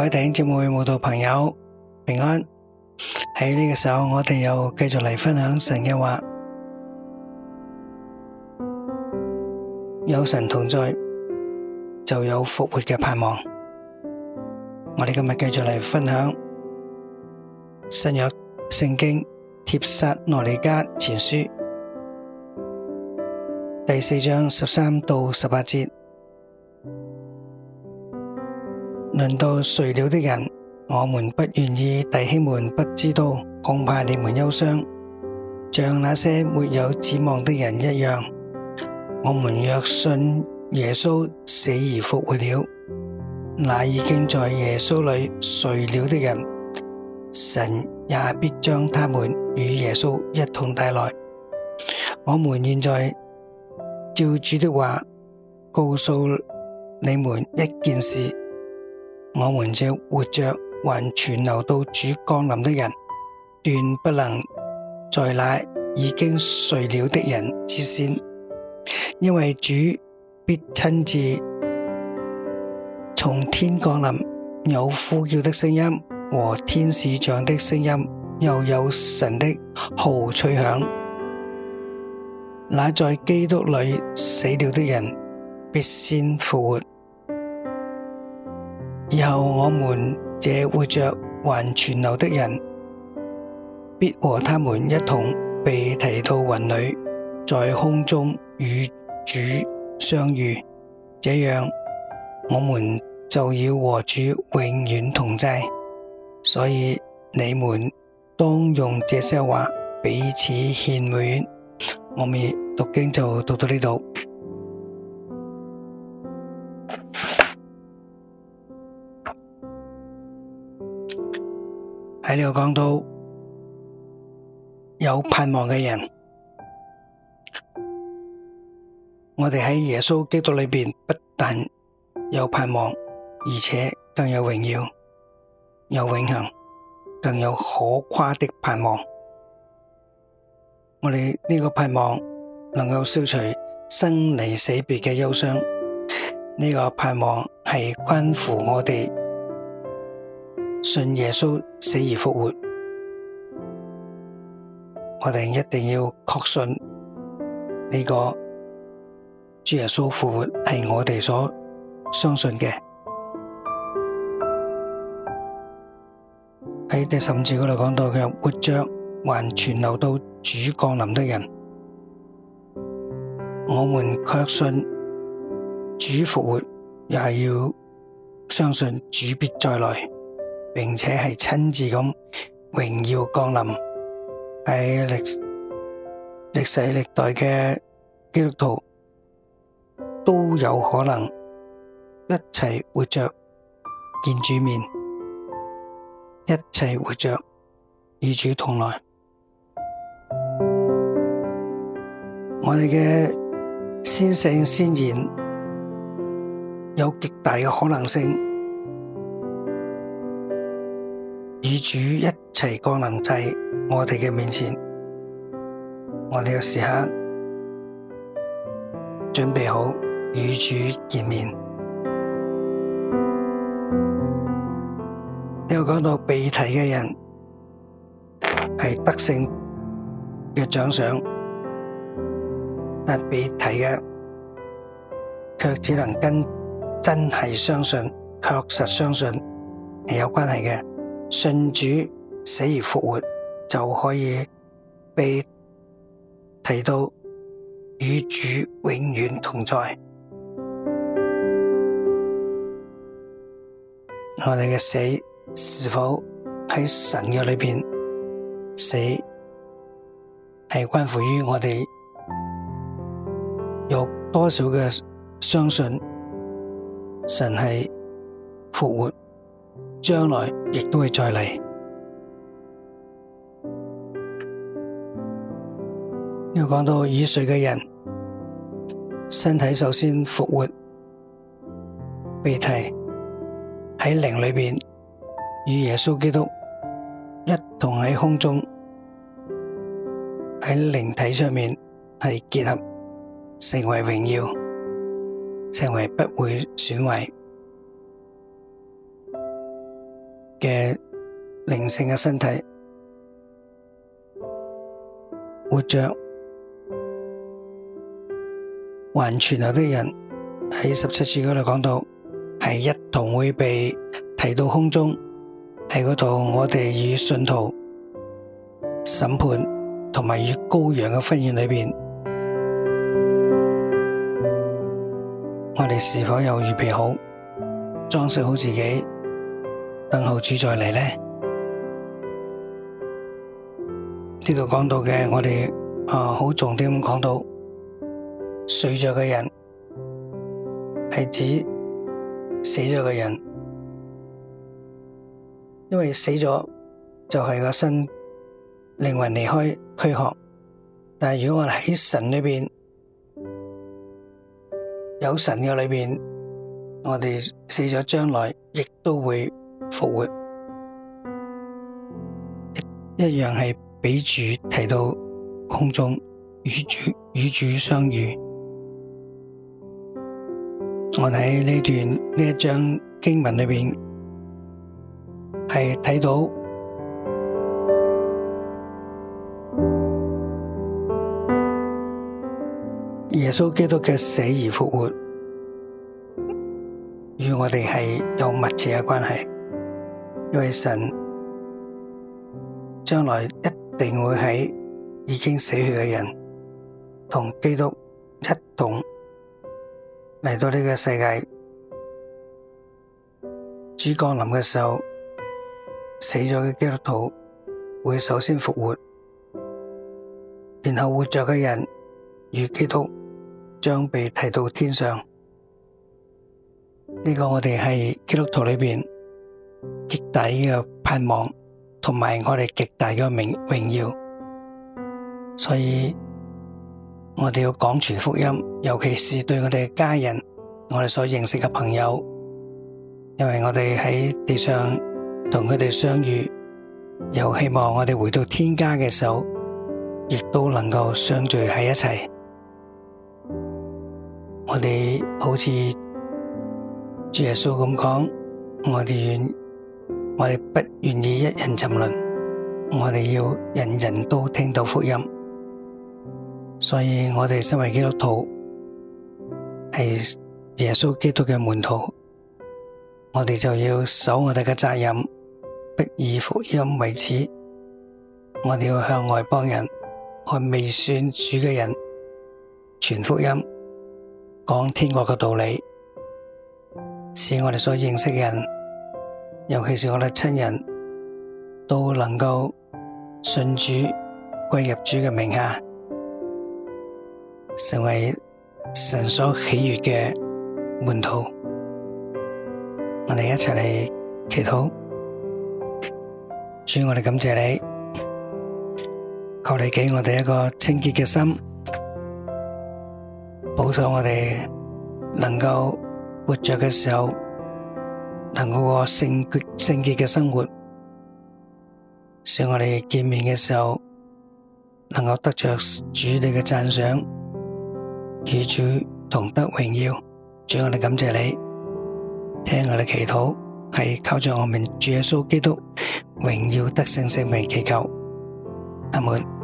各位弟兄姊妹、信徒朋友，平安！喺呢個時候，我哋又繼續嚟分享神嘅話。有神同在，就有復活嘅盼望。我哋今日繼續嚟分享《新約聖經帖撒羅尼迦前書》第四章十三到十八節。輪到睡了的人，我們不願意弟兄們不知道，恐怕你們憂傷，像那些沒有指望的人一樣。我們若信耶穌死而復活了，那已經在耶穌裏睡了的人，神也必將他們與耶穌一同帶來。我們現在照主的話告訴你們一件事。我們這活着還存留到主降臨的人，斷不能在那已經睡了的人之先，因為主必親自從天降臨，有呼叫的聲音和天使長的聲音，又有神的號吹響，那在基督裏死了的人必先復活。以後我們這活着還存留的人，必和他們一同被提到雲裏，在空中與主相遇。這樣，我們就要和主永遠同在。所以你們當用這些話彼此勸勉。我們讀經就讀到呢度。喺你個講道有盼望嘅人，我哋喺耶穌基督裏面不但有盼望，而且更有榮耀、有永恆、更有可誇的盼望。我哋呢個盼望能夠消除生離死別嘅憂傷，呢、呢個盼望係關乎我哋。信耶穌死而復活，我哋一定要確信呢個主耶穌復活係我哋所相信嘅。喺第十五節嗰度講到，嘅活着還存留到主降臨的人，我們確信主復活，也要相信主必再來。並且係親自咁榮耀降臨喺歷歷世歷代嘅基督徒都有可能一齊活着見主面，一齊活着與主同來。我哋嘅先聖先賢有極大嘅可能性。主一齊降臨在我哋嘅面前，我哋要時刻準備好與主見面。你又講到被提嘅人係得勝嘅獎賞，但被提嘅卻只能跟真係相信、確實相信係有關係嘅。信主死而復活，就可以被提到與主永遠同在。我哋嘅死是否喺神嘅裏邊死，係關乎於我哋有多少嘅相信神係復活。將來亦都會再嚟。要講到已睡嘅人，身體首先復活，被提喺靈裡面與耶穌基督一同喺空中，喺靈體上面係結合，成為榮耀，成為不會損壞。嘅靈性嘅身體活着還存有的人喺十七處嗰度講到，係一同會被提到空中，喺嗰度我哋以信徒審判同埋以,以羔羊嘅婚宴裏邊，我哋是否有預備好裝飾好自己？等候主再嚟呢。呢度講到嘅，我哋啊好重點講到睡着嘅人係指死咗嘅人，因為死咗就係、是、個身靈魂離開軀殼，但如果我哋喺神裏面，有神嘅裏面，我哋死咗將來亦都會。復活，一樣係畀主提到空中，與主與主相遇。我睇呢段呢一章經文裏邊，係睇到耶穌基督嘅死而復活，與我哋係有密切嘅關係。因為神將來一定會喺已經死去嘅人同基督一同嚟到呢個世界。主降臨嘅時候，死咗嘅基督徒會首先復活，然後活着嘅人與基督將被提到天上。呢、這個我哋喺基督徒裏邊。底嘅盼望，同埋我哋極大嘅榮耀，所以我哋要講全福音，尤其是對我哋嘅家人、我哋所認識嘅朋友，因為我哋喺地上同佢哋相遇，又希望我哋回到天家嘅時候，亦都能夠相聚喺一齊。我哋好似主耶穌咁講，我哋願。我哋不願意一人沉淪，我哋要人人都聽到福音。所以我哋身為基督徒，係耶穌基督嘅門徒，我哋就要守我哋嘅責任，不以福音為恥。我哋要向外邦人、向未信主嘅人傳福音，講天國嘅道理，使我哋所認識嘅人。尤其是我哋親人都能夠順主，歸入主嘅名下，成為神所喜悅嘅門徒。我哋一齊嚟祈禱。主，我哋感謝你，求你給我哋一個清潔嘅心，保守我哋能夠活著嘅時候。能夠過聖潔、聖潔嘅生活，使我哋見面嘅時候能夠得着主你嘅讚賞，與主同得榮耀。主，我哋感謝你，聽我哋祈禱，係靠在我們主耶穌基督榮耀得勝生命祈求。阿門。